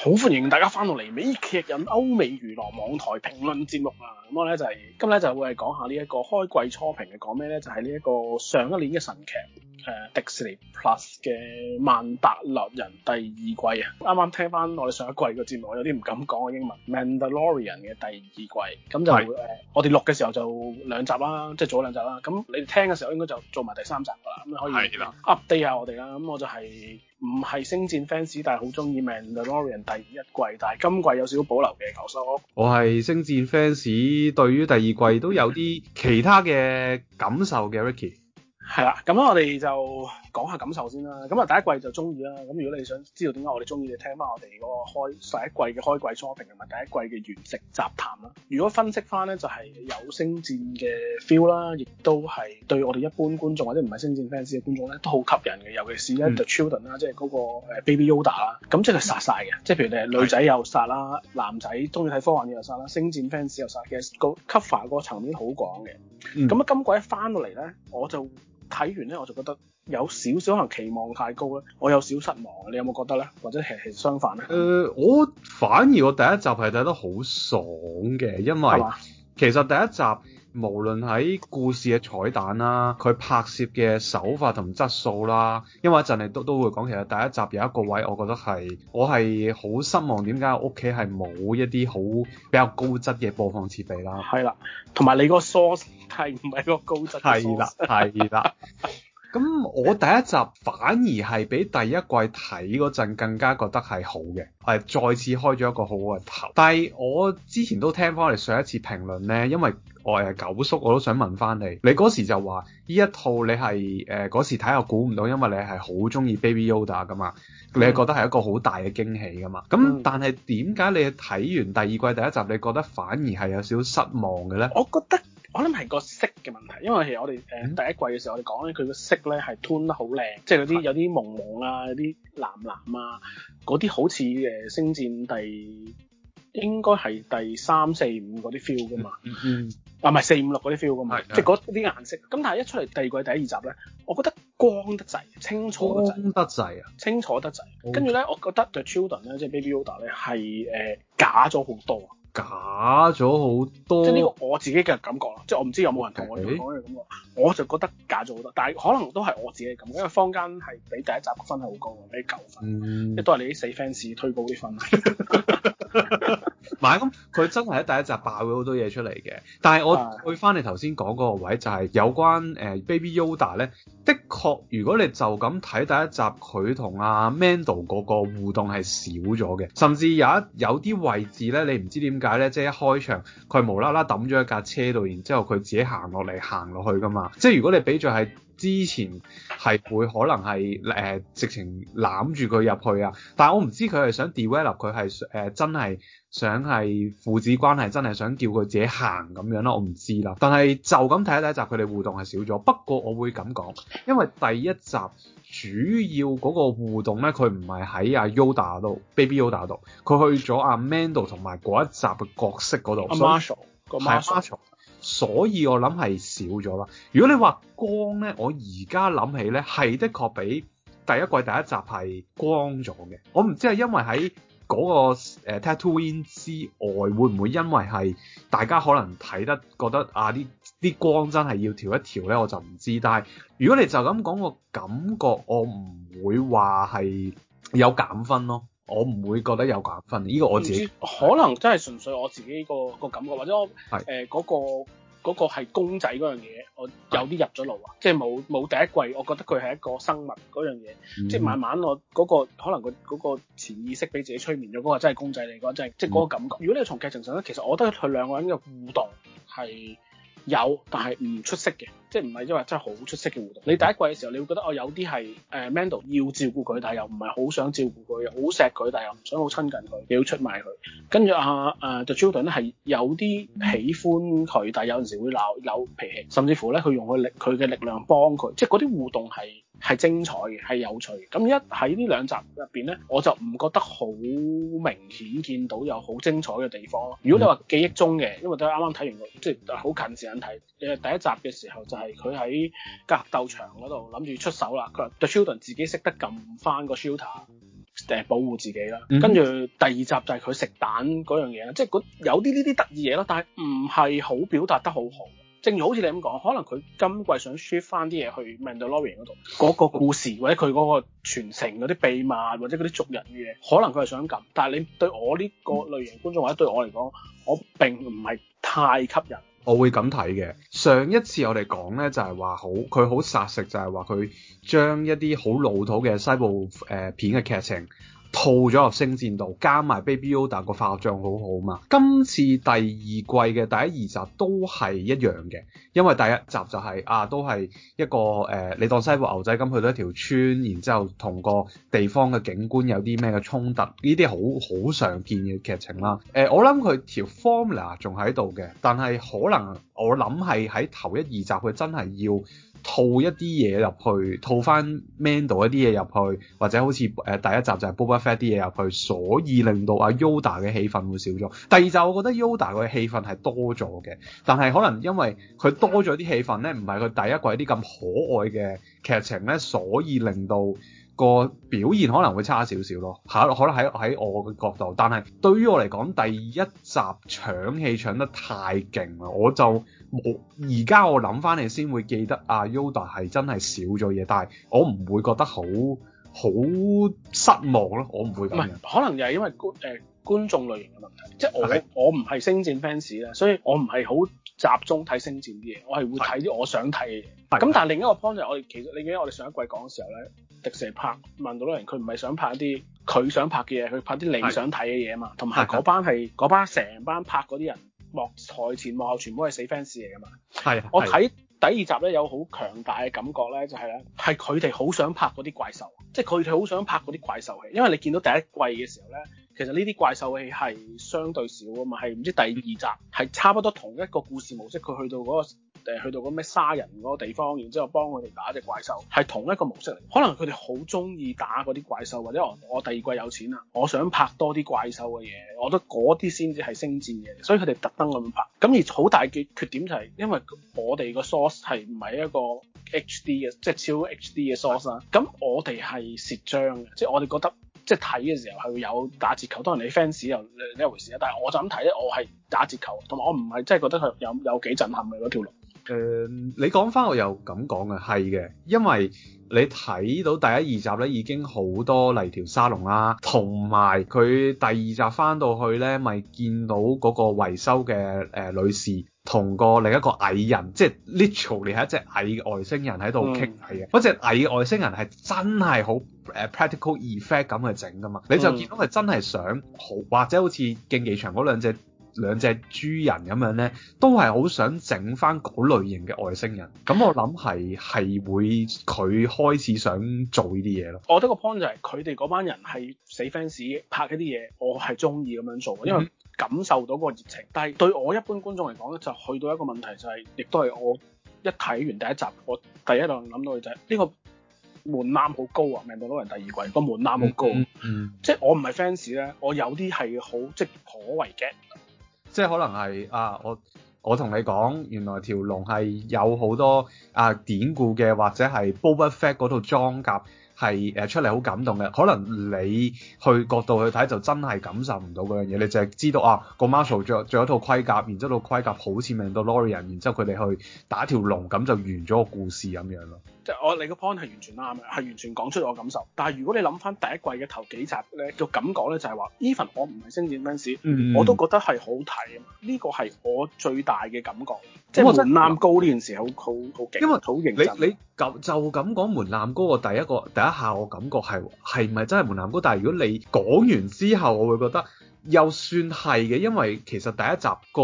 好歡迎大家翻到嚟美劇人歐美娛樂網台評論節目啊！咁我咧就係，今日就會係講下呢一個開季初評嘅講咩咧，就係呢一個上一年嘅神劇。誒迪士尼 Plus 嘅《曼達洛人》第二季啊！啱啱聽翻我哋上一季個節目，我有啲唔敢講嘅英文《Mandalorian》嘅第二季，咁就誒是我哋錄嘅時候就兩集啦，即係早咗兩集啦。咁你哋聽嘅時候應該就做埋第三集㗎啦，咁可以 update 下我哋啦。咁的我就係唔係星戰 fans，但係好中意《Mandalorian》第一季，但係今季有少少保留嘅九叔。我係星戰 fans，對於第二季都有啲其他嘅感受嘅 Ricky。係啦，咁我哋就講下感受先啦。咁啊第一季就中意啦。咁如果你想知道點解我哋中意，聽翻我哋嗰個開,一開 shopping, 第一季嘅開季初評同埋第一季嘅原值集談啦。如果分析翻咧，就係、是、有星戰嘅 feel 啦，亦都係對我哋一般觀眾或者唔係星戰 fans 嘅觀眾咧，都好吸引嘅。尤其是咧 The Children 啦、嗯，即係嗰個 Baby Yoda 啦，咁即係殺晒嘅。即係譬如你係女仔又殺啦，嗯、男仔中意睇科幻又有殺啦，星戰 fans 又殺，嘅、嗯。其實個 cover 個層面好廣嘅。咁啊今季一翻到嚟咧，我就睇完咧，我就覺得有少少可能期望太高啦，我有少失望，你有冇覺得咧？或者係相反咧？誒、呃，我反而我第一集係睇得好爽嘅，因為吧其實第一集。無論喺故事嘅彩蛋啦，佢拍攝嘅手法同質素啦，因為一陣你都都會講，其實第一集有一個位，我覺得係我係好失望，點解屋企係冇一啲好比較高質嘅播放設備啦？係啦，同埋你個 source 係唔係個高質？係啦，係啦。 咁我第一集反而係比第一季睇嗰陣更加覺得係好嘅，係再次開咗一個好好嘅頭。但係我之前都聽翻你上一次評論咧，因為我係九叔，我都想問翻你，你嗰時就話呢一套你係誒嗰時睇又估唔到，因為你係好中意 Baby Yoda 噶嘛，你係覺得係一個好大嘅驚喜噶嘛。咁但係點解你睇完第二季第一集，你覺得反而係有少少失望嘅咧？我覺得。我諗，係個色嘅問題，因為其實我哋誒第一季嘅時候，我哋講咧佢個色咧係 tune 得好靚，即係啲有啲朦朦啊，嗰啲藍藍啊，啲好似誒星戰第應該係第三、四、五啲 feel 噶嘛，嗯啊唔係四五六啲 feel 噶嘛，即係啲顏色。咁但係一出嚟第二季第二集咧，我覺得光得滯，清楚得滯，啊，清楚得滯，跟住咧，我覺得對 Children 咧，即係 Baby Yoda 咧係誒假咗好多，假咗好多。即係呢個我自己嘅感覺。即係我唔知有冇人同我哋講一樣感覺 Okay. 我就覺得假咗好多。但係可能都係我自己係咁，因為坊間係俾第一集分係好高嘅，俾九分，亦、嗯、都係你啲死 fans 推高啲分。唔係，咁佢真係喺第一集爆咗好多嘢出嚟嘅。但係我去翻你頭先講嗰個位，就係、是、有關誒 Baby Yoda 咧。的確，如果你就咁睇第一集，佢同阿 Mando 嗰個互動係少咗嘅。甚至有一有啲位置咧，你唔知點解咧，即係一開場佢無啦啦抌咗一架車度，然之後。佢自己行落嚟，行落去噶嘛。即係如果你比著係之前係會可能係誒、呃、直情攬住佢入去啊，但係我唔知佢係想 develop 佢係誒真係想係父子關係，真係想叫佢自己行咁樣咯。我唔知啦。但係就咁睇第一集，佢哋互動係少咗。不過我會咁講，因為第一集主要嗰個互動咧，佢唔係喺阿 Yoda 度，Baby Yoda 度，佢去咗阿 Mando 同埋嗰一集嘅角色嗰度。阿 Marshal，係 Marshal。所以我諗係少咗啦。如果你話光呢，我而家諗起呢，係的確比第一季第一集係光咗嘅。我唔知係因為喺嗰、那個、呃、Tatooine 之外，會唔會因為係大家可能睇得覺得啊啲啲光真係要調一調呢？我就唔知。但係如果你就咁講個感覺，我唔會話係有減分咯。我唔會覺得有減分，呢、這個我自己可能真係純粹我自己、那個、那個感覺，或者我誒嗰是、呃那個嗰係、那個、公仔嗰樣嘢，我有啲入咗腦啊，是即係冇冇第一季，我覺得佢係一個生物嗰樣嘢，嗯、即係慢慢我嗰、那個可能佢嗰個潛意識俾自己催眠咗，嗰、那個真係公仔嚟講，嗰真係即係嗰個感覺。嗯、如果你從劇情上咧，其實我覺得佢兩個人嘅互動係有，但係唔出色嘅。即係唔係因為真係好出色嘅互動？你第一季嘅時候，你會覺得哦，有啲係誒 Mando 要照顧佢，但係又唔係好想照顧佢，好錫佢，但係又唔想好親近佢，又要出賣佢。跟住啊誒 The Children 咧係有啲喜歡佢，但係有陣時會鬧有脾氣，甚至乎咧佢用佢力佢嘅力量幫佢，即係嗰啲互動係係精彩嘅，係有趣嘅。咁一喺呢兩集入邊咧，我就唔覺得好明顯見到有好精彩嘅地方咯。如果你話記憶中嘅，因為都係啱啱睇完，即係好近時間睇誒第一集嘅時候就。係佢喺格鬥場嗰度諗住出手啦。佢話、嗯、，The Child 自己識得撳翻個 shelter，誒、呃、保護自己啦。跟住、嗯、第二集就係佢食蛋嗰樣嘢啦，即係有啲呢啲得意嘢咯。但係唔係好表達得好好。正如好似你咁講，可能佢今季想 shift 翻啲嘢去 Mandalorian 嗰度嗰、嗯、個故事，或者佢嗰個傳承嗰啲秘密，或者嗰啲族人嘅，嘢。可能佢係想撳。但係你對我呢個類型觀眾、嗯、或者對我嚟講，我並唔係太吸引。我會咁睇嘅。上一次我哋講咧，就係、是、話好，佢好殺食，就係話佢將一啲好老土嘅西部誒、呃、片嘅劇情。套咗入《星戰》度，加埋 Baby Yoda 個化妝好好嘛。今次第二季嘅第一二集都係一樣嘅，因為第一集就係、是、啊，都係一個誒、呃，你當西部牛仔咁去到一條村，然之後同個地方嘅警官有啲咩嘅衝突，呢啲好好常見嘅劇情啦。誒、呃，我諗佢條 formula 仲喺度嘅，但係可能我諗係喺頭一二集佢真係要。套一啲嘢入去，套翻 Mando 一啲嘢入去，或者好似誒第一集就係 Boba Fett 啲嘢入去，所以令到阿 Yoda 嘅氣氛會少咗。第二集我覺得 Yoda 嘅氣氛係多咗嘅，但係可能因為佢多咗啲氣氛咧，唔係佢第一季啲咁可愛嘅劇情咧，所以令到。個表現可能會差少少咯，嚇，可能喺喺我嘅角度，但係對於我嚟講，第一集搶戲搶得太勁啊，我就冇而家我諗翻嚟先會記得阿 Yoda 係真係少咗嘢，但係我唔會覺得好好失望咯，我唔會咁。唔係，可能又係因為觀誒、呃、觀眾類型嘅問題，即係，就係我 Okay. 我唔係星戰 fans 咧，所以我唔係好。集中睇星戰啲嘢，我係會睇啲我想睇嘅嘢的。咁但係另一個 point 就係我哋其實你記得我哋上一季講嘅時候咧，迪士尼拍《曼達洛人》，佢唔係想拍啲佢想拍嘅嘢，佢拍啲你想睇嘅嘢啊嘛。同埋嗰班係嗰的班成班，班拍嗰啲人，幕台前幕後全部都係死 fans 嚟㗎嘛。係的，我睇第二集咧有好強大嘅感覺咧，就係咧係佢哋好想拍嗰啲怪獸，即係佢哋好想拍嗰啲怪獸戲，因為你見到第一季嘅時候咧。其實呢啲怪獸戲係相對少啊嘛，係唔知第二集係差不多同一個故事模式，佢去到嗰個、呃、去到嗰咩沙人嗰個地方，然之後幫我哋打隻怪獸，係同一個模式嚟。可能佢哋好中意打嗰啲怪獸，或者我第二季有錢啦，我想拍多啲怪獸嘅嘢，我覺得嗰啲先至係星戰嘅，所以佢哋特登咁樣拍。咁而好大嘅缺點就係因為我哋個 source 係唔係一個 HD 嘅，即係超 HD 嘅 source 啦。咁我哋係蝕章嘅，即係我哋覺得。即係睇嘅時候係會有打折扣，當然你 fans 又另一回事啦。但係我就咁睇咧，我係打折扣，同埋我唔係真係覺得佢有有幾震撼嘅嗰條路。誒、嗯，你講翻我又咁講嘅，係嘅，因為你睇到第一二集咧已經好多嚟條沙龍啦，同埋佢第二集翻到去咧，咪見到嗰個維修嘅誒女士。同個另一個矮人，即係 literally，你係一隻矮外星人喺度傾偈嘅。嗰隻矮外星人係真係好誒 practical effect 咁去整㗎嘛？你就見到佢真係想，嗯、或者好似競技場嗰兩隻兩隻豬人咁樣咧，都係好想整翻嗰類型嘅外星人。咁我諗係係會佢開始想做呢啲嘢咯。我覺得個 point 就係佢哋嗰班人係死 fans 拍嗰啲嘢，我係中意咁樣做，因為，嗯感受到個熱情，但係對我一般觀眾嚟講咧，就去到一個問題就係、是，亦都係我一睇完第一集，我第一度諗到嘅就係、是、呢、這個門檻好高啊！《曼達洛人》第二季個門檻好高，嗯嗯、即係我唔係 fans 咧，我，ans, 我有啲係好即係頗為嘅，即係可能係啊，我我同你講，原來條龍係有好多啊典故嘅，或者係 Boba Fett 嗰套裝甲。係誒出嚟好感動嘅，可能你去角度去睇就真係感受唔到嗰樣嘢，你淨係知道啊個 Marshal 著著一套盔甲，然之後套盔甲好似 Mandalorian，然之後佢哋去打條龍，咁就完咗個故事咁樣咯。即係我你個 point 係完全啱嘅，係完全講出我感受。但係如果你諗翻第一季嘅頭幾集咧，個感覺咧就係話 Even 我唔係星戰 fans，我都覺得係好睇，呢個係我最大嘅感覺。即係門檻高呢件事係，好好勁。因為好型。真。你你就就咁講門檻高啊！第一個第一。一下我感覺係係唔係真係門檻高？但係如果你講完之後，我會覺得又算係嘅，因為其實第一集個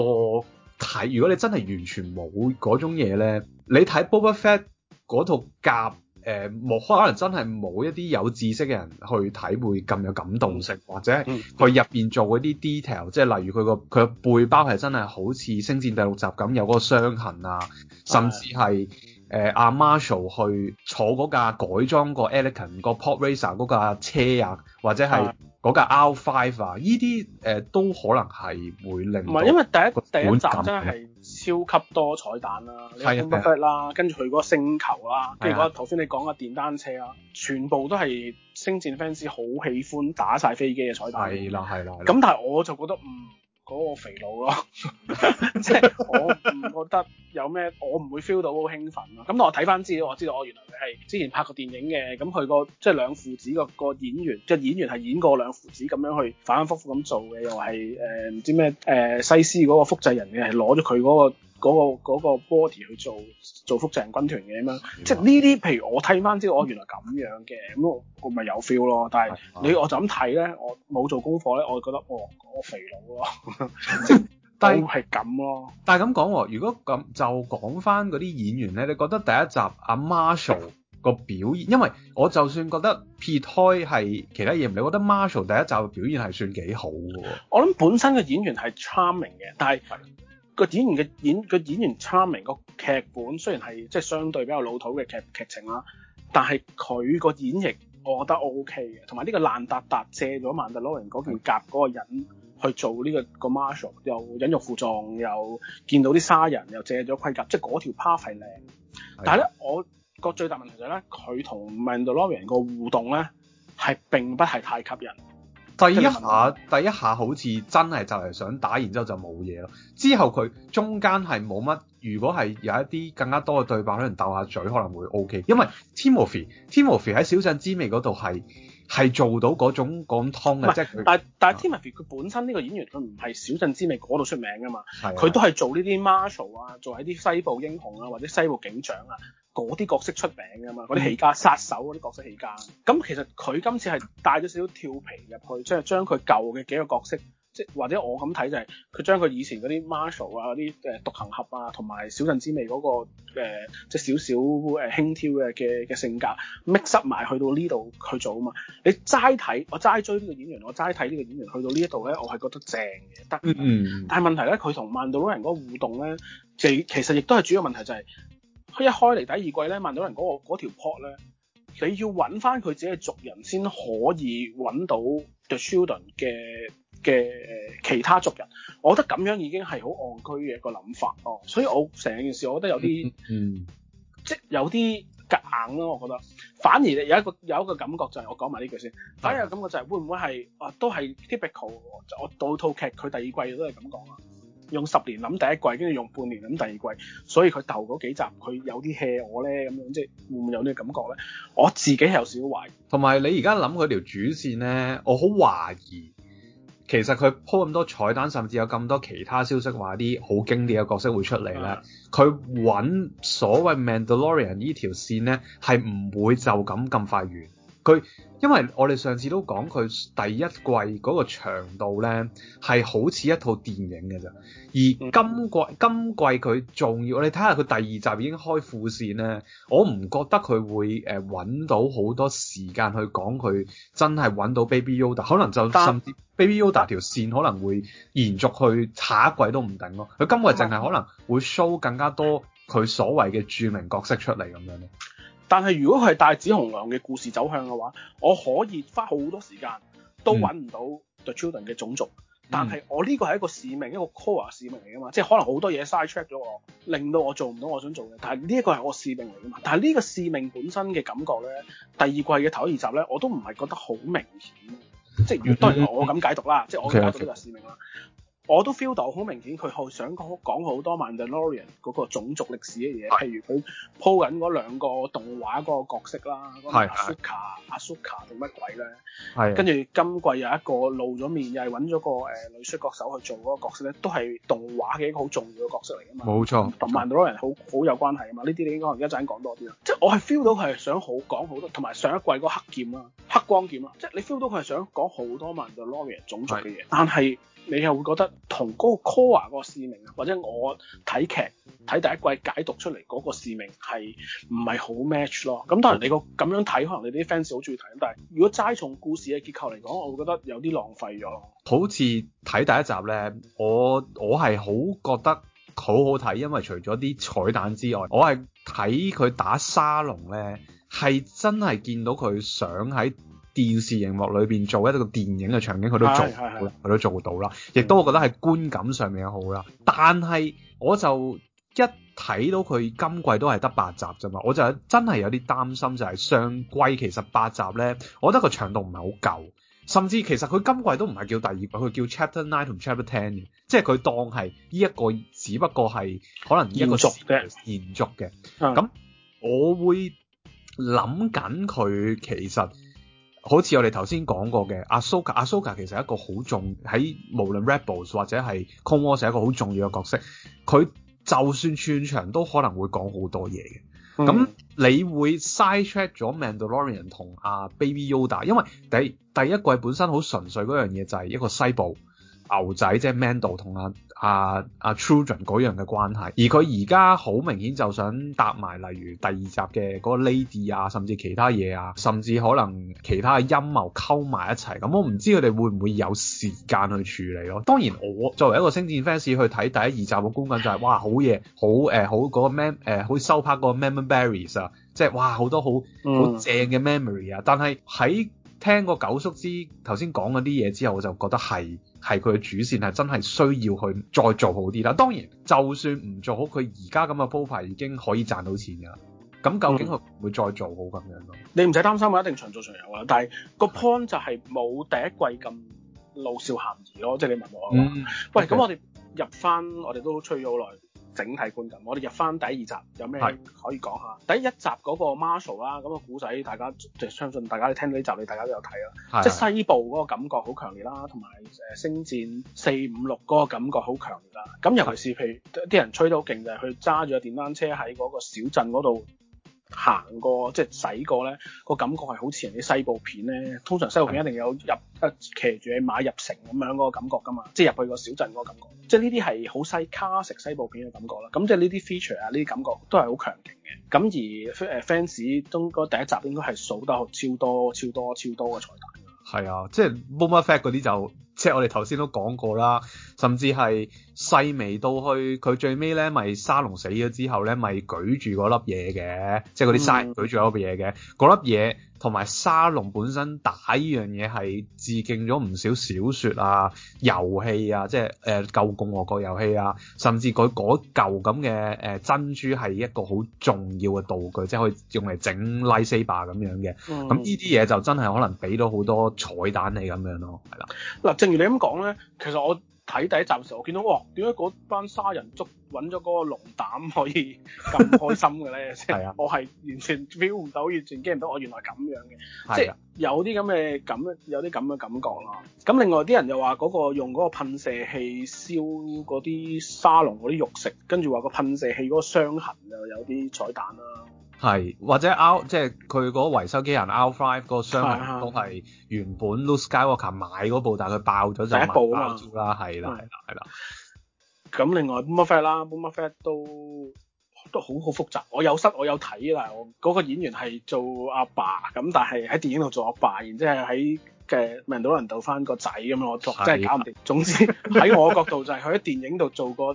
睇，如果你真係完全冇嗰種嘢咧，你睇 Boba Fett 嗰套夾，誒、呃，冇可能真係冇一啲有知識嘅人去體會咁有感動性，或者佢入邊做嗰啲 detail，即係例如佢個佢背包係真係好似《星戰》第六集咁有嗰個傷痕啊，甚至係。誒阿、啊、Marshall 去坐嗰架改裝過 Elegant 個 Pod Racer 嗰架車啊，或者係嗰架 R5 啊，依啲誒都可能係會令唔係，因為第一管轄 第一集真係超級多彩蛋啦、啊，你 f u l 啦，跟住佢嗰個星球啦、啊，跟住嗰頭先你講嘅電單車啦、啊，的全部都係星戰 fans 好喜歡打晒飛機嘅彩蛋、啊，係啦係啦。咁但係我就覺得唔。嗯嗰個肥佬咯，即係我唔覺得有咩，我唔會 feel 到好興奮咯。咁我睇翻資料，我知道我原來佢係之前拍過電影嘅，咁佢個即係兩父子個演員，即係演員係演過兩父子咁樣去反反覆覆咁做嘅，又係誒唔知咩誒、呃、西斯嗰個複製人嘅，係攞咗佢嗰個。嗰個 body 去做做複製人軍團嘅咁樣，麼即係呢啲，譬如我睇翻之後，我原來咁樣嘅，咁我咪有 feel 咯。但係你我就咁睇咧，我冇做功課咧，我就覺得我、哦、我肥佬咯，即係都係咁咯。但係咁講，如果咁就講翻嗰啲演員咧，你覺得第一集阿、啊、Marshall 個表現，因為我就算覺得 Peter 係其他嘢唔理，你覺得 Marshall 第一集嘅表現係算幾好嘅。我諗本身嘅演員係 charming 嘅，但係。個演員嘅演個演員差明，個劇本雖然係即係相對比較老土嘅劇劇情啦，但係佢個演繹我覺得 O K 嘅，同埋呢個蘭達達借咗曼達洛人嗰件甲嗰個人去做呢個個 Marshal，又忍辱負重，又見到啲沙人，又借咗盔甲，即係嗰條 part 係靚。但係咧，我個最大問題就係咧，佢同曼達洛人個互動咧係並不是太吸引。第一下，第一下好似真係就係想打，然之後就冇嘢啦。之後佢中間係冇乜，如果係有一啲更加多嘅對白，可能鬥下嘴，可能會 OK。因為 Timothy，Timothy 喺《小鎮滋味》嗰度係係做到嗰種嗰種湯嘅，即係佢是但係但係 Timothy 佢本身呢個演員佢唔係《小鎮滋味》嗰度出名噶嘛，佢的都係做呢啲 Marshal 啊，做一啲西部英雄啊或者西部警長啊。嗰啲角色出名噶嘛，嗰啲起家殺手嗰啲角色起家。咁其實佢今次係帶咗少少跳皮入去，將將佢舊嘅幾個角色，即或者我咁睇就係佢將佢以前嗰啲 marshal 啊嗰啲誒獨行俠啊，同埋小鎮之味嗰、那個誒即係小小誒、呃、輕佻嘅嘅嘅性格 mix 埋去到呢度去做啊嘛。你齋睇我齋追呢個演員，我齋睇呢個演員去到呢一度咧，我係覺得正嘅，得嗯。但係問題咧，佢同曼達洛人嗰個互動咧，其其實亦都係主要問題就係、是。佢一開嚟第二季咧，曼達洛人嗰個、嗰條 port 咧，你要揾翻佢自己族人先可以揾到 the Children 嘅嘅其他族人。我覺得咁樣已經係好戇居嘅個諗法哦。所以我成件事我覺得有啲，嗯， 即有啲夾硬咯。我覺得反而有一個有一個感覺就係、是、我講埋呢句先。反而有感覺就係、是、會唔會係啊？都係 typical。我到套劇佢第二季都係咁講啊。用十年諗第一季，跟住用半年諗第二季，所以佢頭嗰幾集佢有啲 hea 我咧，咁樣即係會唔會有呢個感覺咧？我自己係有少懷疑，同埋你而家諗佢條主線咧，我好懷疑其實佢鋪咁多彩蛋，甚至有咁多其他消息話啲好經典嘅角色會出嚟咧，佢揾的所謂 Mandalorian 呢條線咧，係唔會就咁咁快完。佢，因為我哋上次都講佢第一季嗰個長度咧，係好似一套電影嘅咋。而今季今季佢仲要，我哋睇下佢第二集已經開副線咧，我唔覺得佢會誒揾、呃、到好多時間去講佢真係揾到 Baby Yoda。可能就甚至 Baby Yoda 條線可能會延續去下一季都唔定咯。佢今季淨係可能會 show 更加多佢所謂嘅著名角色出嚟咁樣咯。但係如果佢係帶子雄狼嘅故事走向嘅話，我可以花好多時間都揾唔到、嗯、The Children 嘅種族。嗯、但係我呢個係一個使命，一個 core 使命嚟㗎嘛。即係可能好多嘢 side track 咗我，令到我做唔到我想做嘅。但係呢一個係我使命嚟㗎嘛。但係呢個使命本身嘅感覺咧，第二季嘅頭二集咧，我都唔係覺得好明顯。即係當然我咁解讀啦，即係、嗯、我解讀呢個使命啦。Okay, okay. 我都 feel 到好明顯，佢好想講講好多 Mandalorian 嗰個種族歷史嘅嘢，譬的如佢鋪緊嗰兩個動畫嗰個角色啦，的阿 Suka、的阿 Suka，定乜鬼咧？的跟住今季有一個露咗面，又係揾咗個誒女摔角手去做嗰個角色咧，都係動畫嘅一個好重要嘅角色嚟㗎嘛。冇錯，同 Mandal <錯 >Mandalorian 好好有關係㗎嘛。呢啲你應該可能一陣講多啲啦。即係我係 feel 到佢係想好講好多，同埋上一季嗰黑劍啦、啊、黑光劍啦、啊，即、就、係、是、你 feel 到佢係想講好多 Mandalorian 種族嘅嘢，的但係。你又會覺得同嗰個 Core 個使命，或者我睇劇睇第一季解讀出嚟嗰個使命係唔係好 match 咯？咁當然你個咁樣睇，可能你啲 fans 好中意睇，但係如果齋從故事嘅結構嚟講，我會覺得有啲浪費咗。好似睇第一集咧，我我係好覺得好好睇，因為除咗啲彩蛋之外，我係睇佢打沙龍咧，係真係見到佢想喺。電視熒幕裏邊做一個電影嘅場景，佢都做，佢都做到啦。亦都我覺得係觀感上面好啦。但係我就一睇到佢今季都係得八集啫嘛，我就真係有啲擔心就係上季其實八集呢，我覺得個長度唔係好夠。甚至其實佢今季都唔係叫第二季，佢叫 Chapter Nine 同 Chapter Ten 嘅，即係佢當係呢一個，一個只不過係可能延續嘅延續嘅。咁，嗯，我會諗緊佢其實。好似我哋頭先講過嘅，阿蘇卡，阿蘇卡其實係一個好重，喺無論 Rebels 或者係 Clone Wars 係一個好重要嘅角色，佢就算串場都可能會講好多嘢嘅。咁、嗯、你會 side track 咗 Mandalorian 同阿 Baby Yoda，因為第、第一季本身好純粹嗰樣嘢就係一個西部牛仔即係 Mando 同阿阿阿 Children 嗰樣嘅關係，而佢而家好明顯就想搭埋，例如第二集嘅嗰個 Lady 啊，甚至其他嘢啊，甚至可能其他嘅陰謀溝埋一齊。咁我唔知佢哋會唔會有時間去處理咯。當然、嗯，我作為一個星戰 fans 去睇第一二集嘅觀感就係，哇、嗯，好嘢、嗯，好誒、嗯，好嗰個 mem 誒，好似收拍嗰個 memories 啊，即係哇，好多好好正嘅 memory 啊。但係喺聽過九叔之頭先講嗰啲嘢之後，我就覺得係係佢嘅主線，係真係需要去再做好啲啦。當然，就算唔做好，佢而家咁嘅鋪排已經可以賺到錢㗎。咁究竟佢會再做好咁樣咯、嗯？你唔使擔心我一定長做長有啊。但係個 point 就係冇第一季咁老少咸宜咯，即係你問我啊嘛。嗯、喂，咁 okay. 我哋入翻，我哋都吹咗好耐。整體觀感，我哋入翻第二集有咩可以講下？是 第一集嗰個 Marshall 啦，咁個古仔大家就相信大家聽到呢集你大家都有睇啦，的即係西部嗰個感覺好強烈啦，同埋誒星戰四五六嗰個感覺好強烈啦。咁尤其是譬如啲的人吹得好勁就係佢揸住個電單車喺嗰個小鎮嗰度。行過即係洗過咧，個感覺係好似人哋西部片咧。通常西部片一定有入啊是的 騎住馬入城咁樣嗰個感覺㗎嘛，即係入去個小鎮嗰個感覺。即係呢啲係好西卡食西部片嘅感覺啦。咁即係呢啲 feature 啊，呢啲感覺都係好強勁嘅。咁而誒 fans 中個第一集應該係數得超多、超多、超多嘅彩蛋。係啊，即係 boom effect 嗰啲就。即係我哋頭先都講過啦，甚至係細微到去佢最尾咧，咪、就是、沙龍死咗之後咧，咪、就是、舉住嗰粒嘢嘅，嗯、即係嗰啲沙舉住嗰粒嘢嘅，嗰粒嘢。同埋沙龍本身打呢樣嘢係致敬咗唔少小説啊、遊戲啊，即係誒舊共和國遊戲啊，甚至佢嗰舊咁嘅誒珍珠係一個好重要嘅道具，即係可以用嚟整 Lightsaber 咁樣嘅。咁呢啲嘢就真係可能俾到好多彩蛋你咁樣咯，係啦。嗱，正如你咁講咧，其實我。睇第一集嘅時候我，我見到哇，點解嗰班沙人捉揾咗嗰個龍膽可以咁開心嘅咧？先、 啊、我係完全 feel 唔到，完全 get 唔到，我原來咁樣嘅，即係、啊、有啲咁嘅感，有啲咁嘅感覺咯。咁另外啲人又話嗰個用嗰個噴射器燒嗰啲沙龍嗰啲肉食，跟住話個噴射器嗰個傷痕又有啲彩蛋啦。係，或者 R 即係佢嗰個維修機人 R five 嗰個商品都係原本 Luke Skywalker 買嗰部，但係佢爆咗就買一部啊嘛。係啦，係啦，係啦。咁、嗯、另外《Boba Fett》啦，《Boba Fett》都都好好複雜。我有失我有睇啦，我嗰個演員係做阿爸咁，但係喺電影度做阿爸，爸，然之後喺嘅《Mandalorian》度返個仔咁樣，我作，即係的搞唔掂。總之喺 我角度就係佢喺電影度做過。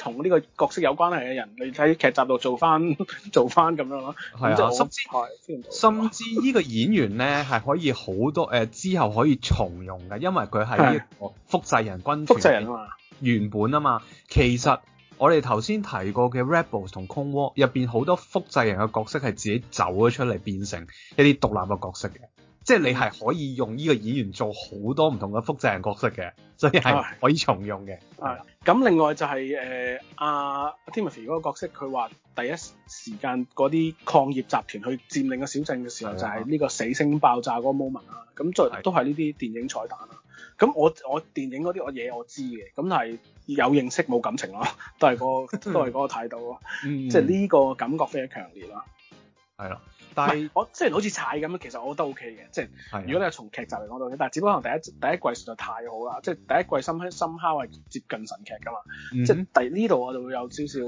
同呢個角色有關係嘅人，你喺劇集度做翻做翻咁樣咯。係啊，就甚至 甚至呢個演員咧係可以好多誒、呃、之後可以重用嘅，因為佢係啲複製人軍團。複製人啊嘛，原本啊嘛。其實我哋頭先提過嘅 Rebels 同 Clone War 入邊好多複製人嘅角色係自己走咗出嚟變成一啲獨立嘅角色嘅。即係你係可以用呢個演員做好多唔同嘅複製人角色嘅，所以係可以重用嘅、係呃。啊，咁另外就係誒阿阿 Timothy 嗰個角色，佢話第一時間嗰啲礦業集團去佔領個小鎮嘅時候，啊，就係呢個死星爆炸嗰個 moment 啊。咁都都係呢啲電影彩蛋啊。咁的我我電影嗰啲我嘢我知嘅，咁但係有認識冇感情咯，都係、個 都係嗰個態度咯。嗯、即係呢個感覺非常強烈啦。係啦。但係我即係好似踩咁樣，其實我都 O K 嘅，即係是的 如果你係從劇集嚟講到嘅，但係只不過可能第一第一季實在太好啦，嗯、即係第一季深香深哈係接近神劇㗎嘛，嗯、哼 即係第呢度我就會有少少。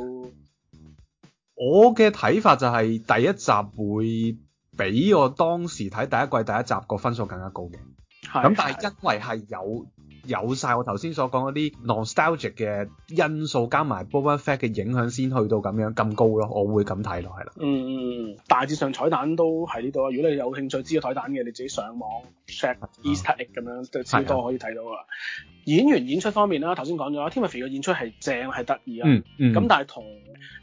我嘅睇法就係第一集會比我當時睇第一季第一集個分數更加高嘅，咁是的 但係因為係有。是的 有晒我頭先所講嗰啲 nostalgic 嘅因素，加埋 boomer effect 嘅影響，先去到咁樣咁高咯。我會咁睇落係啦。嗯嗯大致上彩蛋都喺呢度啦。如果你有興趣知個彩蛋嘅，你自己上網 check、啊、Easter egg 咁樣、啊、都超多、啊、可以睇到啊。演員演出方面啦，頭先講咗，Timothy 啦嘅演出係正係得意啦。嗯咁但係同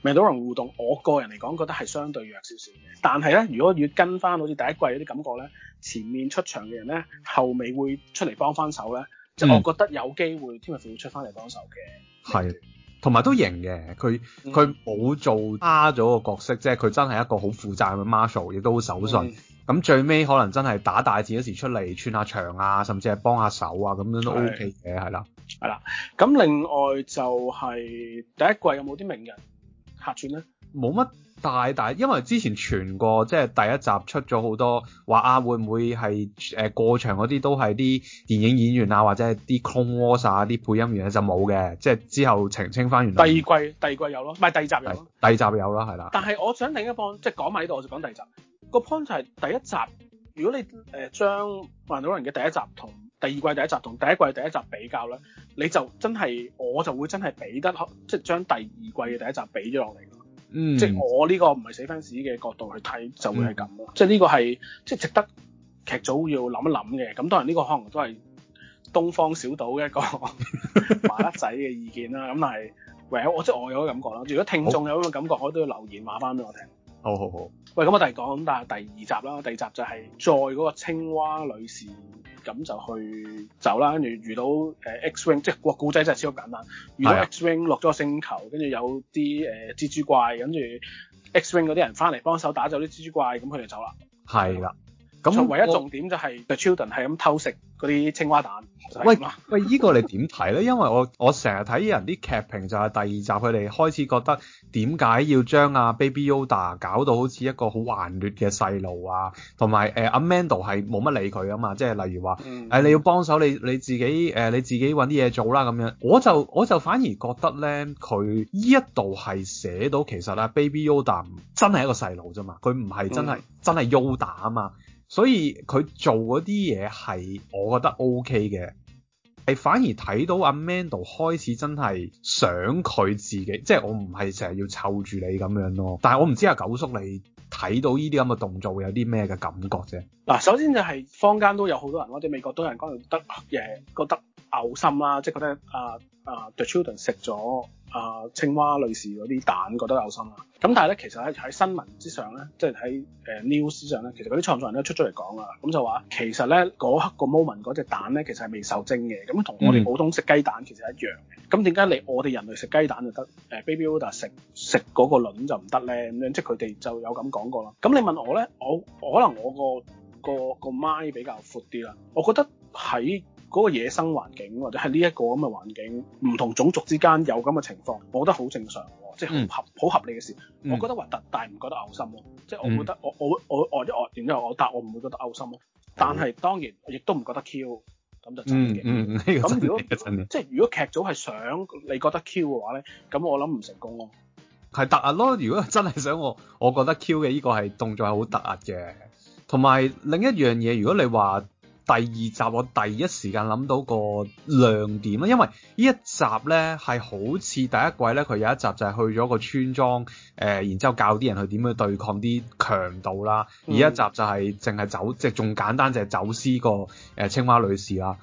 Mandalorian 互動，我個人嚟講覺得係相對弱少少嘅。但係咧，如果要跟翻好似第一季嗰啲感覺咧，前面出場嘅人咧，後尾會出嚟幫翻手咧。即係、嗯、我覺得有機會，聽日佢會出翻嚟幫手嘅。係，同埋都型嘅。佢佢冇做差咗個角色，即係佢真係一個好負責任嘅 Marshall，亦都好守信。咁、嗯、最尾可能真係打大戰嗰時出嚟串下場啊，甚至係幫下手啊，咁樣都 OK 嘅，係啦。係啦。咁另外就係、是、第一季有冇啲名人客串咧？冇乜大，大，因為之前傳過，即係第一集出咗好多話啊，會唔會係誒、呃、過場嗰啲都係啲電影演員啊，或者係啲 Clone Wars 啲配音員咧、啊、就冇嘅，即係之後澄清翻。原第二季第二季有咯，唔係第二集有咯，第二集有咯係啦。但係我想另一方即係講埋呢度，我就講第二集、個 point 就係第一集。如果你誒、呃、將《曼達洛人》嘅第一集同第二季第一集同第，第，第一季第一集比較咧，你就真係我就會真係比得即係、就是、將第二季嘅第一集比咗落嚟。嗯，即係我呢個唔係死 fans 嘅角度去睇，就會係咁咯。即係呢個係即係值得劇組要諗一諗嘅。咁當然呢個可能都係東方小島一個麻 甩仔嘅意見啦。咁但係 Well，我即係我，我有咁嘅感覺啦。如果聽眾有呢個感覺，好我都要留言話翻俾我聽。好好、oh, 好，好喂，咁我第講，但係第二集啦，第二集就係載嗰個青蛙女士咁就去走啦，跟住遇到誒 X Wing，即係個古仔真係超級簡單，遇到 X Wing 落咗個星球，跟住有啲誒、呃、蜘蛛怪，跟住 X Wing 嗰啲人翻嚟幫手打走啲蜘蛛怪，咁佢哋走啦，係啦的。嗯咁唯那一重點就係我 The Children 係咁偷食嗰啲青蛙蛋，喂、就是、喂，依、這個你點睇咧？ 因為我我成日睇人啲劇評就係第二集佢哋開始覺得點解要將阿 Baby Yoda 搞到好似一個好頑劣嘅細路啊，同埋誒阿 Mando 係冇乜理佢啊嘛，即、就、係、是、例如話誒、嗯哎、你要幫手你你自己誒、呃、你自己揾啲嘢做啦咁樣，我就我就反而覺得咧佢依一度係寫到其實啦 Baby Yoda 真係一個細路啫嘛，佢唔係真係真係 Yoda 啊嘛。所以佢做嗰啲嘢係我覺得 OK 嘅，係反而睇到阿 Mando 開始真係想佢自己，即係我唔係成日要湊住你咁樣咯。但係我唔知阿九叔你睇到呢啲咁嘅動作會有啲咩嘅感覺啫。嗱，首先就係坊間都有好多人，我哋美國都有人講得嘅，覺得。嘔心啦、啊，即係覺得啊啊、uh, uh, The Children 食咗啊青蛙女士嗰啲蛋，覺得嘔心啦、啊。咁但係咧，其實咧喺新聞之上咧，即係喺誒 news 上咧，其實嗰啲創作人都出咗嚟講啊。咁就話其實咧嗰刻個 moment 嗰隻蛋咧，其實係未受精嘅，咁同我哋普通食雞蛋其實一樣嘅。咁點解你我哋人類食雞蛋就得誒 Baby Yoda 食食嗰個卵就唔得咧？咁樣即係佢哋就有咁講過啦。咁你問我咧，我可能我，我，我個個個麥比較闊啲啦，我覺得喺嗰個野生環境或者係呢一個咁嘅環境，唔、嗯、同種族之間有咁嘅情況，我覺得好正常喎，嗯、即係好合好合理嘅事。嗯、我覺得核突，但係唔覺得嘔心咯，嗯、即係我覺得我我我我我然之後我答我唔會覺得嘔心咯。但係當然亦都唔覺得 Q，咁就真嘅。咁、嗯嗯這個、如果真即係如果劇組係想你覺得 Q 嘅話咧，咁我諗唔成功咯。係突兀咯，如果真係想我，我覺得 Q 嘅呢個係動作係好突兀嘅。同埋另一樣嘢，如果你話，第二集我第一時間諗到個亮點咯，因為呢一集呢係好似第一季呢，佢有一集就係去咗個村莊，誒、呃，然之後教啲人去點樣對抗啲強盜啦。而一集就係淨係走，即係仲簡單，就係走私個誒青蛙女士啦。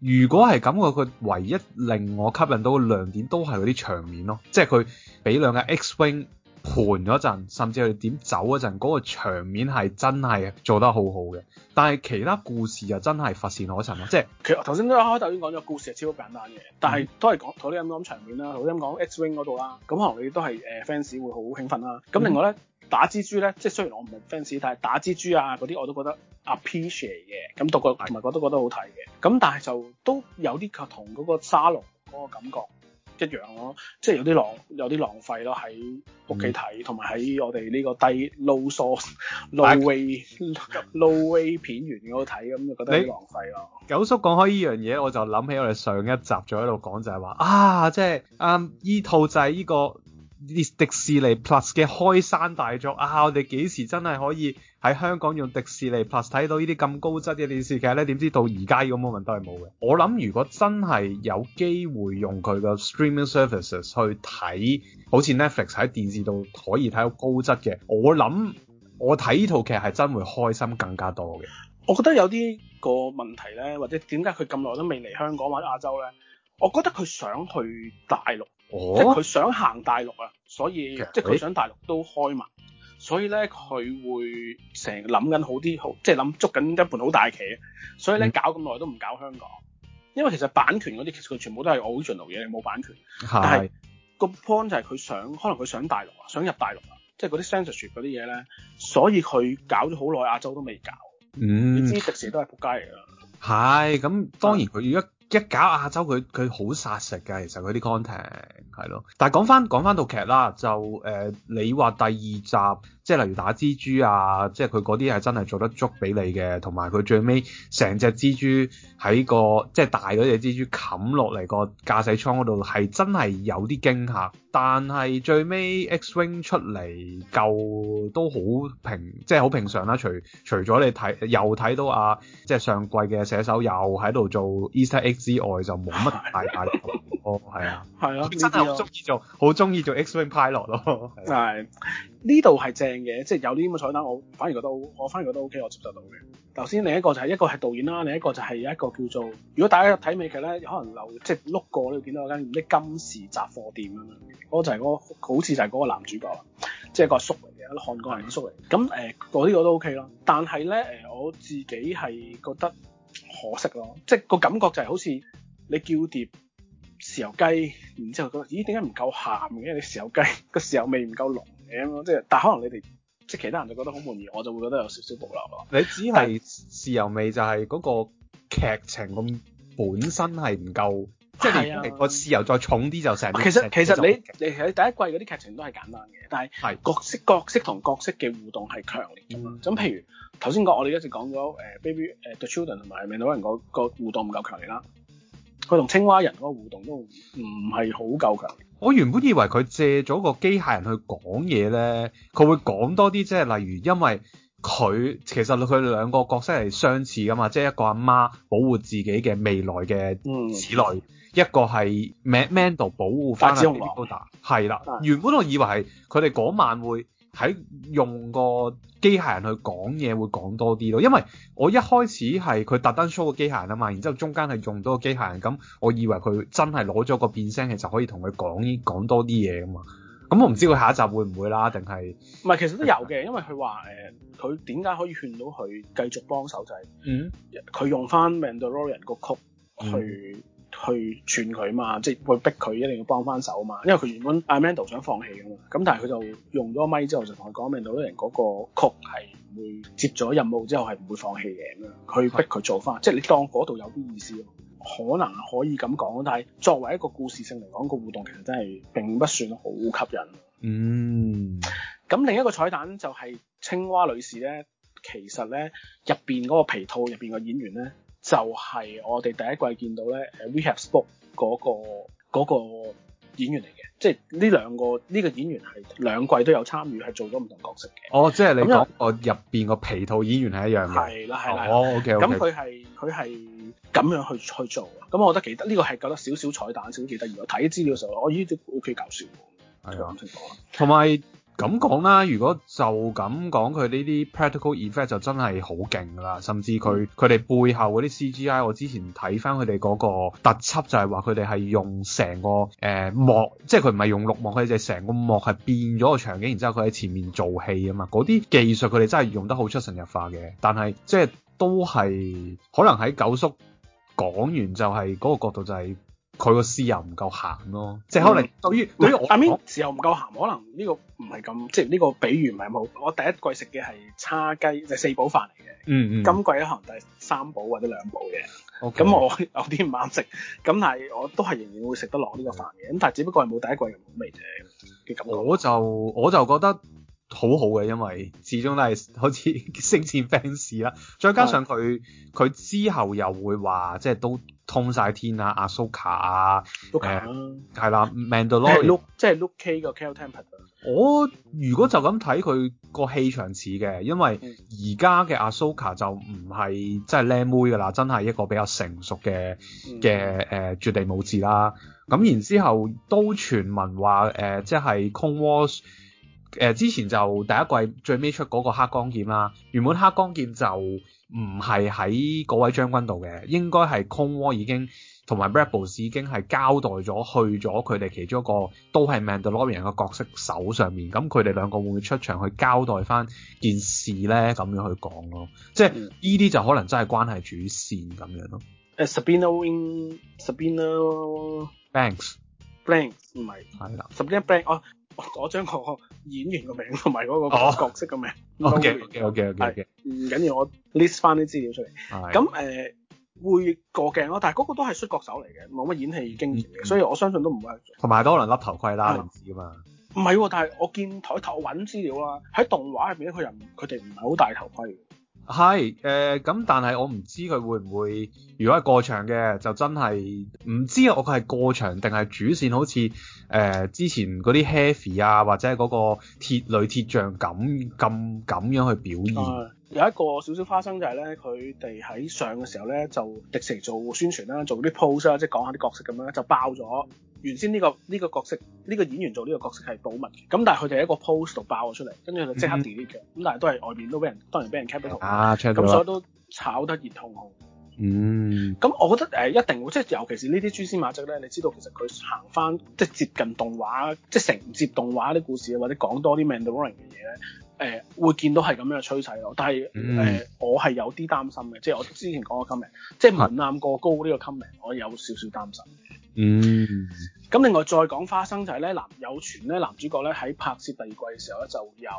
如果係咁嘅，佢唯一令我吸引到個亮點都係嗰啲場面咯，即係佢俾兩個 X-wing。Wing, 盤嗰陣，甚至佢點走嗰陣，嗰、嗰個場面係真係做得好好嘅。但係其他故事又真係乏善可陳咯。即係其實頭先都開頭已經講咗，故事係超簡單嘅。但係都係講同啲咁咁場面啦，頭先講 X Wing 嗰度啦，咁可能你都係誒 fans 會好興奮啦。咁另外咧、嗯、打蜘蛛咧，即係雖然我唔係 fans，但係打蜘蛛啊嗰啲我都覺得 appreciate 嘅，咁讀過同埋我都覺得好睇嘅。咁但係就都有啲佢同嗰個沙龍嗰個感覺。一樣咯，哦，即係有啲浪，有啲浪費咯，喺屋企睇，同埋喺我哋呢個低 low source low way low way 片源嗰度睇，咁覺得好浪費咯。九叔講開依樣嘢，我就諗起我哋上一集仲喺度講就係、是、話啊，即係啊，依、嗯、套就係依個迪士尼 Plus 嘅開山大作啊，我哋幾時真係可以？.喺香港用迪士尼 Plus 睇到呢啲咁高質嘅電視劇呢？點知到而家咁嘅 moment 都係冇嘅。我諗如果真係有機會用佢嘅 streaming services 去睇，好似 Netflix 喺電視度可以睇到高質嘅，我諗我睇呢套劇係真會開心更加多嘅。我覺得有啲個問題呢，或者點解佢咁耐都未嚟香港或者亞洲呢？我覺得佢想去大陸，oh? 即佢想行大陸啊，所以 Okay. 即係佢想大陸都開埋。所以咧佢會成日諗緊好啲，好即係諗捉緊一盤好大棋啊！所以咧搞咁耐都唔搞香港，因為其實版權嗰啲其實佢全部都係 original 嘢，你冇版權。但係是個 point 就係佢想，可能佢想大陸啊，想入大陸啊，即係嗰啲 censorship 嗰啲嘢咧。所以佢搞咗好耐亞洲都未搞。嗯，知迪士尼都係仆街嚟㗎。係咁，當然佢一是一搞亞洲，佢佢好殺食㗎。其實佢啲 content 係咯。但係講翻講翻套劇啦，就誒、呃、你話第二集。即係例如打蜘蛛啊，即係佢嗰啲係真係做得足俾你嘅，同埋佢最尾成隻蜘蛛喺個即係大咗隻蜘蛛冚落嚟個駕駛艙嗰度係真係有啲驚嚇，但係最尾 X Wing 出嚟救都好平，即係好平常啦。除除咗你睇又睇到啊，即係上季嘅射手又喺度做 Easter Egg 之外，就冇乜大太。哦，係啊，係咯，真係好中意做，好中意做 X Wing Pilot 咯。係呢度係正。嘅即係有啲咁嘅彩蛋，我反而覺得我反而覺得 OK，我接受到嘅。頭先另一個就係一個係導演啦，另一個就係有一個叫做，如果大家睇美劇咧，可能有即係碌過，見到有間金氏雜貨店咁樣，嗰個就係嗰個好似就係嗰個男主角啦，即係個叔嚟嘅，韓國人嘅叔嚟。咁誒嗰啲我都 OK 咯，但係咧誒我自己係覺得可惜咯，即係個感覺就係好似你叫碟豉油雞，然之後覺得咦點解唔夠鹹嘅？你豉油雞個 豉油味唔夠濃。即係、嗯，但係可能你哋即係其他人就覺得好悶熱，嗯、我就會覺得有少少保留咯。你只係豉油味就係嗰個劇情咁本身係唔夠，即係、嗯、個豉油再重啲就成。其實其實你你你第一季嗰啲劇情都係簡單嘅，但係是角色角色同角色嘅互動係強烈。咁譬、嗯、如頭先講，我哋一直講咗誒 baby 誒、呃、the children 同埋 Mando 個互動唔夠強烈啦。佢同青蛙人嗰個互動都唔係好夠強烈。我原本以為佢借咗個機械人去講嘢咧，佢會講多啲，即係例如因為佢其實佢兩個角色係相似噶嘛，即係一個阿媽，媽保護自己嘅未來嘅子女，嗯、一個係 Mando 保護翻阿 Yoda 係啦。原本我以為係佢哋嗰晚會。喺用個機械人去講嘢會講多啲咯，因為我一開始係佢特登 show 個機械人啊嘛，然之後中間係用多個機械人，咁我以為佢真係攞咗個變聲器就可以同佢講講講多啲嘢噶嘛，咁我唔知佢下一集會唔會啦，定係唔係其實都有嘅，因為佢話誒佢點解可以勸到佢繼續幫手仔，就是，嗯，佢用翻《Mandalorian》個曲、嗯、去。去串佢嘛，即係去逼佢一定要幫翻手嘛。因為佢原本阿 Mando 想放棄噶嘛，咁但係佢就用咗咪之後就同佢講，Mando 啲人嗰個曲係唔會接咗任務之後係唔會放棄嘅咁樣。去逼佢做翻，嗯、即係你當嗰度有啲意思咯。可能可以咁講，但係作為一個故事性嚟講，個互動其實真係並不算好吸引。嗯。咁另一個彩蛋就係青蛙女士咧，其實咧入邊嗰個皮套入邊個演員咧。就係我哋第一季見到咧，誒 We Have Spoke 嗰、那個那個演員嚟嘅，即係呢兩個呢、這個演員係兩季都有參與，係做咗唔同角色嘅。哦，即係你講就，哦入邊個皮套演員係一樣嘅。係啦，係啦。哦，OK OK 咁佢係佢係咁樣去去做咁我覺得幾得，呢、這個係覺得少少彩蛋，少少得意。我睇資料嘅時候，我依都 OK 搞笑喎，係啱先講。同埋。咁講啦，如果就咁講佢呢啲 practical effect 就真係好勁噶啦，甚至佢佢哋背後嗰啲 CGI，我之前睇翻佢哋嗰個特輯就係話佢哋係用成個誒、呃、幕，即係佢唔係用綠幕，佢哋成個幕係變咗個場景，然之後佢喺前面做戲啊嘛，嗰啲技術佢哋真係用得好出神入化嘅，但係即係都係可能喺九叔講完就係、是、嗰、嗰個角度就係、是。佢個豉油唔夠鹹咯，即係可能對於阿於 I Min mean, 我豉油唔夠鹹，可能呢個唔係咁，即係呢個比喻唔係好。我第一季食嘅係叉雞就係、四寶飯嚟嘅、嗯，嗯嗯，今季可能第三寶或者兩寶嘅，咁 Okay. 我有啲唔啱食，咁但係我都係仍然會食得落呢個飯嘅，咁但係只不過係冇第一季咁好味啫嘅感覺。我就我就覺得，好好嘅，因為始終都係好似星戰 fans 啦，再加上佢佢之後又會話，即係都通晒天啊，阿蘇卡啊，Luke 啊，係啦，Mandalorian，即係 Luke K 個 Kel Temple。我如果就咁睇佢個氣場似嘅，因為而家嘅阿蘇卡就唔係真係靚妹噶啦，真係一個比較成熟嘅嘅誒絕地武士啦。咁然之後都傳聞話誒，即係 Con War。誒、呃、之前就第一季最尾出嗰個黑鋼劍啦，原本黑鋼劍就唔係喺嗰位將軍度嘅，應該係 Clone Wars 已經同埋 Rebels 已經係交代咗去咗佢哋其中一個都係 Mandalorian 嘅角色手上面，咁佢哋兩個會唔會出場去交代翻件事咧？咁樣去講咯，即係依啲就可能真係關係主線咁樣咯。誒 uh, Sabina Win，Sabina Banks，Banks 唔係，係啦 Sabina Banks 哦。Yeah. 我我將個演員個名同埋嗰個角色嘅名。OK OK OK OK 唔緊要，我 list 翻啲資料出嚟。咁誒 Is.、呃、會過鏡咯，但係嗰個都係摔角手嚟嘅，冇乜演戲經驗嘅，嗯嗯、所以我相信都唔會。同埋都可能笠頭盔啦，唔止啊嘛？唔係喎，但係我見台頭我揾資料啦，喺動畫入面咧，佢又佢哋唔係好戴頭盔。係，誒咁、呃，但係我唔知佢會唔會，如果係過場嘅，就真係唔知我佢係過場定係主線好，好似誒之前嗰啲 heavy 啊，或者係嗰個鐵類鐵像咁咁咁樣去表現。有一個少少花生就係咧，佢哋喺上嘅時候咧，就迪士尼做宣傳啦，做啲 pose 啦，即係講下啲角色咁樣，就爆咗。原先呢、這個呢、這個角色呢、這個演員做呢個角色係保密嘅，咁但係佢哋喺一個 post 度爆咗出嚟，跟住佢就即刻 delete 嘅，咁、嗯、哼但係都係外邊都俾人當然俾人 capture 咁、啊，所以都炒得熱烘烘。嗯，咁我覺得誒、呃、一定會，即係尤其是絲呢啲蛛絲馬跡咧，你知道其實佢行翻即係接近動畫，即係承接動畫啲故事，或者講多啲 Mandalorian 嘅嘢咧。誒會見到係咁樣嘅趨勢咯，但係誒、嗯呃、我係有啲擔心嘅，即係我之前講個 comment，是即係門檻過高呢個 comment，我有少少擔心。嗯。咁另外再講花生仔係咧，男友傳咧，男主角咧喺拍攝第二季嘅時候咧就有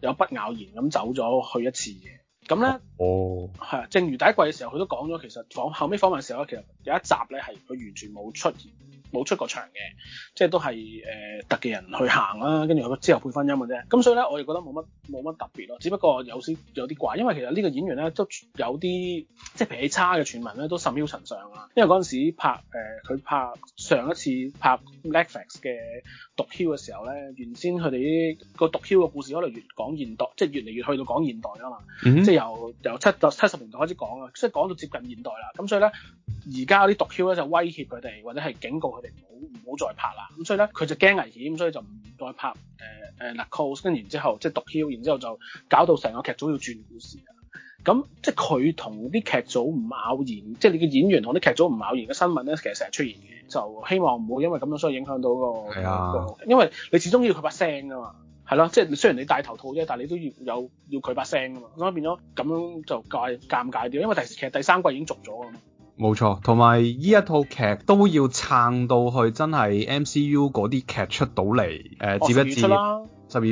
有不咬言咁走咗去一次嘅。咁咧，哦，係啊，正如第一季嘅時候，佢都講咗，其實訪後尾訪問嘅時候咧，其實有一集咧係佢完全冇出現。冇出過場嘅，即係都係誒、呃、特技人去行啦，跟住佢之後配翻音嘅啫。咁所以咧，我亦覺得冇乜冇乜特別咯。只不過有少有啲怪，因為其實呢個演員咧都有啲即係脾氣差嘅傳聞咧都甚囂塵上啊。因為陣時拍誒佢、呃、拍上一次拍 Netflix 嘅毒梟嘅時候咧，原先佢哋個毒梟嘅故事可能越講現代，即係越嚟越去到講現代啊嘛。Mm hmm. 即係由由七到七十年代開始講啊，即係講到接近現代啦。咁所以咧，而家啲毒梟咧就威脅佢哋，或者係警告佢。唔好唔好再拍啦，咁所以咧，佢就驚危險，所以就唔再拍誒、誒、Narcos 跟住然之後即係毒梟，然之後就搞到成個劇組要轉故事啊。咁即係佢同啲劇組唔咬弦，即係你嘅演員同啲劇組唔咬弦嘅新聞咧，其實成日出現嘅，就希望唔好因為咁樣所以影響到個、啊、個，因為你始終要佢把聲噶嘛，係咯、啊，即係雖然你戴頭套啫，但係你都要有要佢把聲噶嘛，咁變咗咁樣就介尷尬啲，因為第其實第三季已經續咗啊。冇錯，同埋依一套劇都要撐到去，真係 MCU 嗰啲劇出到嚟，誒，至不至十二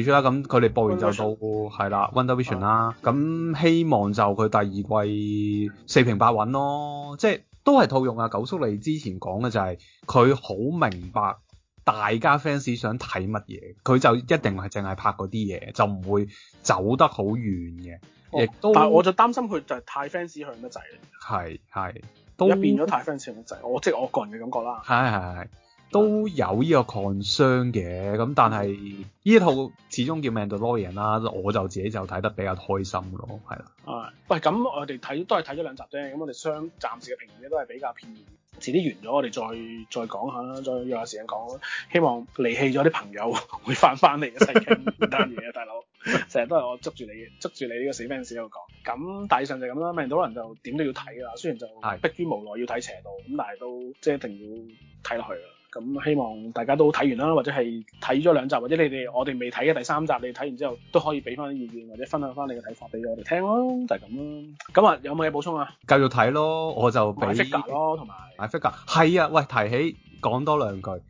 出啦？咁佢哋播完就到係啦，WandaVision 啦。咁希望就佢第二季四平八穩咯，即係都係套用啊。九叔你之前講嘅就係佢好明白大家 fans 想睇乜嘢，佢就一定係淨係拍嗰啲嘢，就唔會走得好遠嘅。亦都，但我就擔心佢就係太 fans 向得滯啦。係都變咗太 fans 咁滯，我即係我個人嘅感覺啦。係係係，都有依個抗傷嘅，咁但係依套始終叫咩就 lawyer 啦，我就自己就睇得比較開心咯，係啦。啊，喂，咁我哋睇都係睇咗兩集啫，咁我哋相暫時嘅評語咧都係比較偏。遲啲完咗，我哋再再講下啦，再約下時間講啦。希望離棄咗啲朋友會翻翻嚟嘅，成唔呢單嘢，大佬成日都係我執住你，執住你呢個死 fans 喺度講。咁大致上就咁啦，命到人就點都要睇㗎，雖然就逼於無奈要睇邪道，咁但係都即係一定要睇落去啦。咁希望大家都睇完啦，或者係睇咗兩集，或者你哋我哋未睇嘅第三集，你睇完之後都可以俾翻啲意見，或者分享翻你嘅睇法俾我哋聽咯，就係咁咯。咁啊，有冇嘢補充啊？繼續睇咯，我就俾 figure 咯，同埋 figure 係啊。喂，提起講多兩句，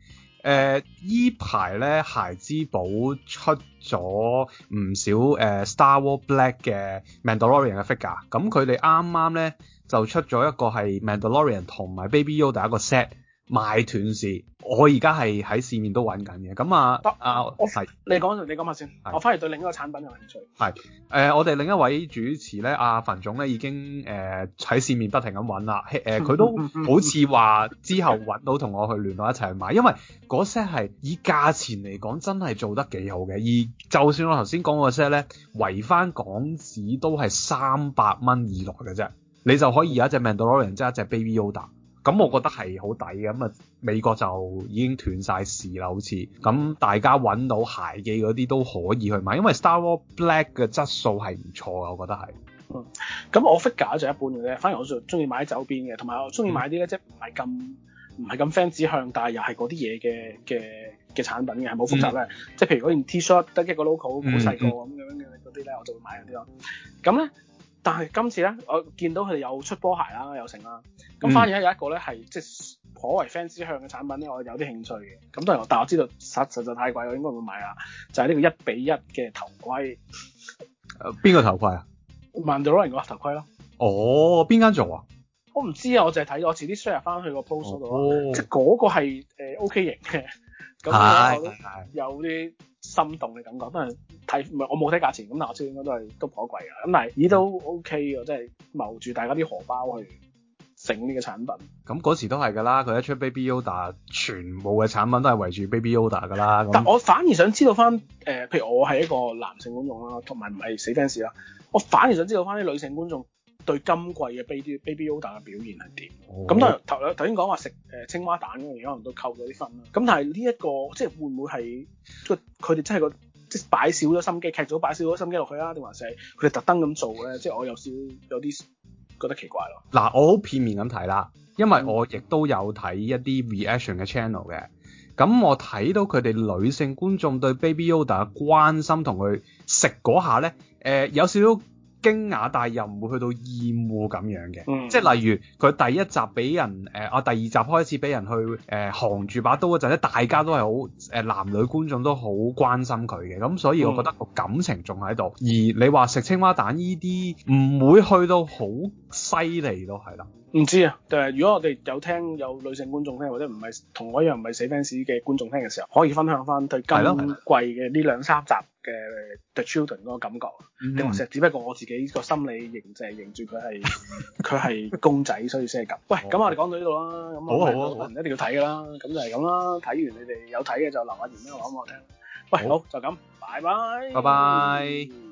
誒依排咧孩之寶出咗唔少誒、呃、Star Wars Black 嘅 Mandalorian 嘅 figure，咁佢哋啱啱咧就出咗一個係 Mandalorian 同埋 Baby Yoda 一個 set。賣團時，我而家係喺市面都揾緊嘅。咁啊，阿係你講，你講下先。是我反而對另一個產品有興趣。係，誒、呃，我哋另一位主持咧，阿、啊、樊總咧已經誒喺、呃、市面不停咁揾啦。誒，佢、呃、都好似話之後揾到同我去聯絡一齊買，因為嗰 set 係以價錢嚟講真係做得幾好嘅。而就算我頭先講個 set 咧，圍翻港紙都係三百蚊以內嘅啫，你就可以有一隻 Mandalorian 即係一隻 Baby Yoda。咁我覺得係好抵嘅，咁啊美國就已經斷晒市啦，好似咁大家揾到鞋機嗰啲都可以去買，因為 Star Wars Black 嘅質素係唔錯嘅，我覺得係。嗯，咁我 figure 就一半嘅啫，反而我，而我、嗯、就中意買喺周邊嘅，同埋我中意買啲咧即係唔係咁唔係咁 fans 向，但係又係嗰啲嘢嘅嘅嘅產品嘅，係冇複雜咧，即係、嗯、譬如嗰件 T-shirt 得一個 logo 好細個咁樣嘅嗰啲咧，我就會買嗰啲咯。咁咧。但係今次咧，我見到佢哋有出波鞋啦、啊，有成啦。咁、嗯、反而咧有一個咧係即係頗為 fans 向嘅產品咧，我有啲興趣嘅。咁當然，但我知道實實在太貴，我應該唔會買啊。就係、是、呢個一比一嘅頭盔。誒、呃，邊個頭盔啊？曼達洛人個頭盔咯、啊。哦，邊間做啊？我唔知啊，我淨係睇我遲啲 share 翻佢個 post 度哦，即係嗰個係 OK 型嘅，咁 我我有啲。的心動嘅感覺都係睇，唔係我冇睇價錢，咁但我知應該都係都頗貴嘅，咁但係咦、嗯、都 OK 嘅，即係謀住大家啲荷包去整呢個產品。咁嗰、嗯、時都係㗎啦，佢一出 Baby Yoda，全部嘅產品都係圍住 Baby Yoda 㗎啦。但我反而想知道翻，誒、呃，譬如我係一個男性觀眾啦，同埋唔係死 fans 啦，我反而想知道翻啲女性觀眾。對今季嘅 Baby Yoda 嘅表現係點？咁當然頭兩先講話食誒青蛙蛋嗰樣可能都扣咗啲分啦。咁但係呢一個即係會唔會係個佢哋真係個即擺少咗心機，劇組擺少咗心機落去啦？定還是係佢哋特登咁做咧？即係我有少有啲覺得奇怪咯。嗱，我好片面咁睇啦，因為我亦都有睇一啲 reaction 嘅 channel 嘅，咁我睇到佢哋女性觀眾對 Baby Yoda 嘅關心同佢食嗰下咧，誒、呃、有少少，驚訝，但係又唔會去到厭惡咁樣嘅，嗯、即係例如佢第一集俾人誒，啊、呃、第二集開始俾人去誒扛住把刀嗰陣咧，大家都係好誒，男女觀眾都好關心佢嘅，咁所以我覺得個感情仲喺度。嗯、而你話食青蛙蛋呢啲唔會去到好犀利咯，係啦。唔知啊，但係如果我哋有聽有女性觀眾聽或者唔係同我一樣唔係死 fans 嘅觀眾聽嘅時候，可以分享翻對今季嘅呢兩三集嘅 The Children 嗰個感覺，你話成只不過我自己個心理認正、就是、認住佢係佢係公仔，所以先係咁。喂，咁我哋講到呢度啦，咁好啊，好啊，一定要睇㗎啦，咁就係咁啦。睇完你哋有睇嘅就留下言俾我講俾我聽。喂，好就咁，拜拜，拜拜。